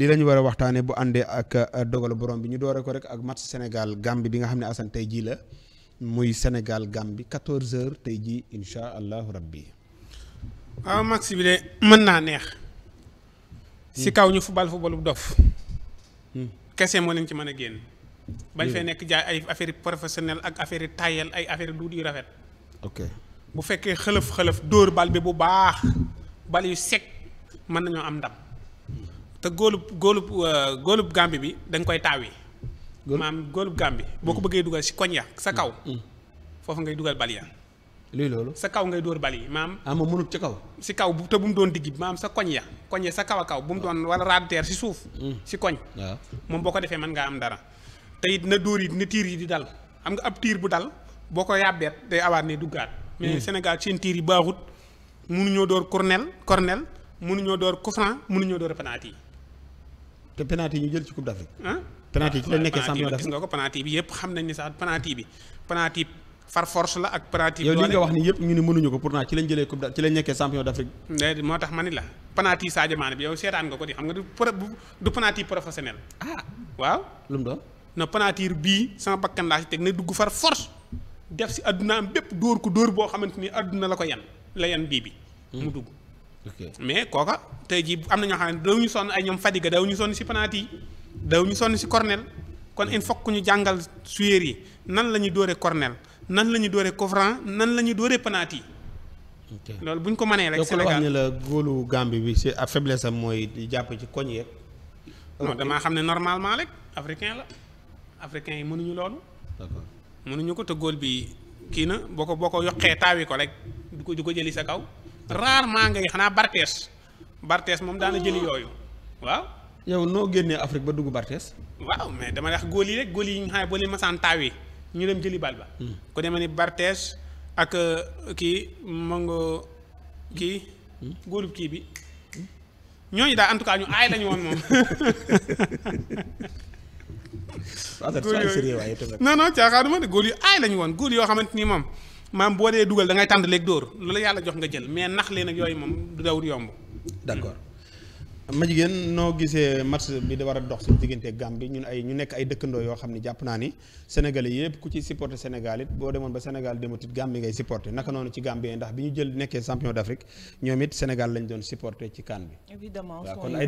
lii la war a waxtaanee bu àndee ak euh, dogalu borom bi ñu doore ko rek ak match Sénégal Gambie bi nga xam ne Assane tey jii la muy Sénégal Gambie 14h tey jii incha allahu rabbi. waaw match mën naa neex. si hmm. kaw ñu football footballu dof. Hmm. kese moo leen ci mën a génn. bañ hmm. fee nekk jaay ay affaire professionnel ak affaire tayel ay affaire duut yu rafet. bu fekkee xëlëf xëlëf dóor bal bi bu baax bal yu sec mën nañoo am ndam. te góolub góolub bu euh, gambi bi da koy taawi maam góolub gambi boo ko bëggee dugal si koñ ya sa kaw mm. Mm. foofu ngay dugal bal ya loolu sa kaw ngay dóor bal yi maam ah ma ci kaw si kaw bu te bu mu doon digg bi maam sa koñ ya koñ ya sa kaw a kaw bu mu doon wala raadu teer si suuf si mm. koñ waaw moom boo ko defee man ngaa am dara te it na dóor yi na tiir yi di dal xam nga ab tiir bu dal boo ko yàbbeet day awaar ne duggaat mais Sénégal seen tiir yi baaxut mënuñoo door cornel cornel mënuñoo door coup franc mënuñoo door penalty yi te penalty yi ñu jël ci Coupe d'Afrique. penalty ci lañ nekkee champion d'Afrique gis nga ko penalty yëpp xam nañ ni sax penalty bi penalty far force la ak penalty. yow li nga wax ni yëpp ñu ne mënuñu ko pourtant ci lañ jëlee coupe ci lañ nekkee champion d'Afrique. léegi moo tax ma ni la penalty Sadio Mané bi yow seetaan nga ko di xam nga du du professionnel. ah waaw. lu doon. na penalty bii sama bakkan laa teg ne dugg far force def si àdduna am bépp dóor ko dóor boo xamante ni àdduna la ko yan la yan bii bi mu hmm. dugg. mais kooka tey jii am na ñoo xam ne daw ñu sonn ay ñoom Fadiga daw ñu sonn si penalty yi daw ñu sonn si corner kon il faut que ñu jàngal suyéer yi nan la ñuy dóoree corner nan la ñuy dóoree coup nan la ñuy dóoree penalty yi loolu bu ñu ko mënee rek Sénégal ne la góolu Gambie bi c'est faiblesse am mooy di jàpp ci koñ yeeg non damaa xam ne normalement rek africain la africain yi mënuñu loolu d'accord mënuñu ko te góol bi kii na boo ko boo ko yokkee taawi ko rek du ko du ko jëli sa kaw rarement ngay xanaa Barthès Barthès moom daana jëli yooyu waaw. yow noo génnee Afrique ba dugg Barthès. waaw mais dama wax góol yi rek góol yi ñu xam ne boo masaan taawee ñu dem jëli bal ba. Hmm. ku demee ni Barthès ak uh, kii Mongo kii. Hmm. góolub kii bi ñooñu daal en tout cas ñu aay lañu woon moom. góor yooyu non non de góor yu aay lañu woon góor yoo xamante ni moom. maam boo dee dugal dangay ngay tànd léeg dóor lu la yàlla jox nga jël mais nax leen ak yooyu moom du dawut yomb. d'accord. ma jigéen noo gisee match bi da war a dox suñu diggante Gambie ñun ay ñu nekk ay dëkkandoo yoo xam ne jàpp naa ni Sénégalais yëpp ku ci supporter Sénégal it ndax bi ñu jël nekkee champion d'Afrique ñoom it Sénégal lañ doon supporter ci CAN bi. waaw kon ay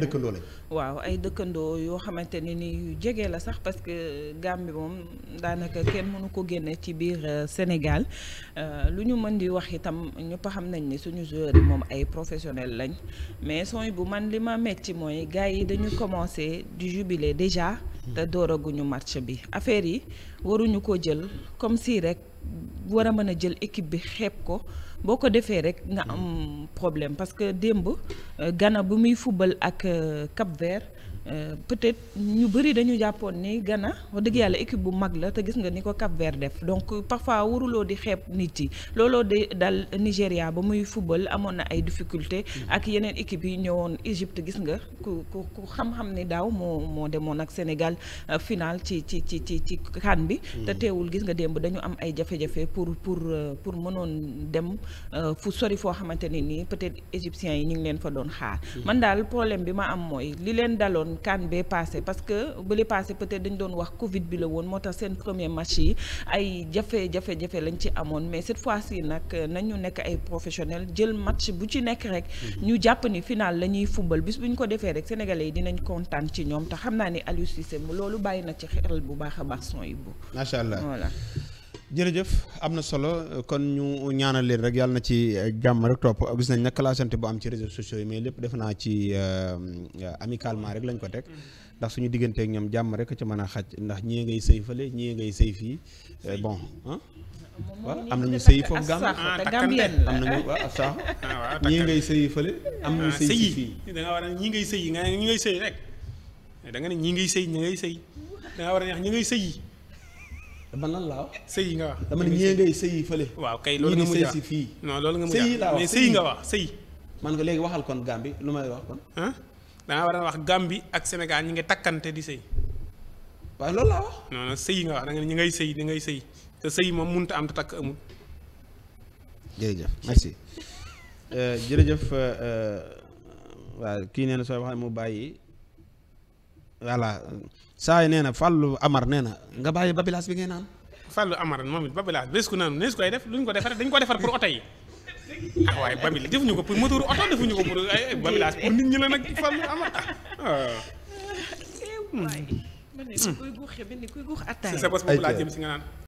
dëkkandoo lañ. yoo xamante ne ni yu jege la sax parce que Gambie moom daanaka kenn mënu ko génne ci biir euh, Sénégal euh, lu ñu mën di wax itam ñëpp xam nañ ni suñu joueurs yi moom ay professionnels lañ mais sooy bu metti mooy gars yi dañu commencé du jubilé déjà. te dooraguñu match bi affaire yi waruñu ko jël comme si rek war a mën a jël équipe bi xepp ko boo ko defee rek nga am problème parce que démb euh, Ghana bu muy fubal ak euh, Cap Vert. Euh, peut-être ñu bëri dañu jàppoon ni Ghana wax dëgg yàlla équipe bu mag la te gis nga ni ko Cap Vert def donc euh, parfois waruloo di xeeb nit yi looloo di dal Nigéria ba muy football amoon na ay difficulté mm. ak yeneen équipe yi ñëwoon Égypte gis nga ku ku ku xam-xam ni daaw moo moo demoon ak Sénégal euh, final ci ci ci ci ci CAN bi mm. te teewul gis nga démb dañu am ay jafe-jafe pour pour pour mënoon dem fu sori foo xamante ne nii peut-être yi ñu ngi leen fa doon xaar mm. man daal problème am woon kan bee passé parce que bële passé peut-être dañ doon wax Covid bi la woon moo tax seen premier match yi ay jafe-jafe jafe lañ ci amoon mais cette fois-ci nag nañu nekk ay professionnels jël match bu ci nekk rek. Mhm. ñu jàpp ni final la ñuy fubal bis bu ñu ko defee rek sénégalais yi dinañ kontaan ci ñoom te xam naa ne Aliou Cissé loolu bàyyi na ci xel bu baax a baax son yi bu. macha allah voilà. jërëjëf am na solo kon ñu ñaanal leen rek yàlla na ci eh, jàmm rek topp gis nañ nag classante bu am ci réseaux sociaux yi mais lépp def naa ci euh, amicalement rek lañ ko teg ndax suñu digganteek ñoom jàmm rek ci mën a xaj ndax ñii ngay sëy fële ñii ngay sëy fii eh, bon ah, ah, ah waaw am nañu sëy foofu Gambie am nañu ñii ngay sëy fële am nañu ah, fii da nga war a sëy nga ñi ngay sëy rek da nga ne ñii ngay sëy ñi ngay sëy da nga sëy dama lan laa wax. sëy yi nga wax dama ne ñee ngay sëy yi fële. waaw kay loolu nga mujj a si fii. non loolu nga mujj a wax sëy yi wax mais sëy nga wax sëy. man ko léegi waxal kon Gambie lu may wax kon. ah da nga war wax Gambie ak Sénégal ñi nga takkante di sëy. waaye loolu laa nga wax da ñi ngay sëy di ngay sëy te sëy moom mënut a am te takk amul. jërëjëf merci euh, jërëjëf euh, euh, waa kii nee na sooy wax mu bàyyi. voilà saa yi nee na Fallou Amar nee na nga bàyyi babilaas bi ngay naan. Fallou Amar moom it babilaas bés ku naan nees koy def luñ ko defaree dañ ko defar pour oto yi. ah waaye babilaas defuñu ko pour moteur ko pour ay eh, eh, babilaas pour nit ñi la nag Fallou Amar ah. Eh, hmm. man ne kuy guux xëy na kuy guux attaaya. si sa bos boobu laa jëm si nga naan.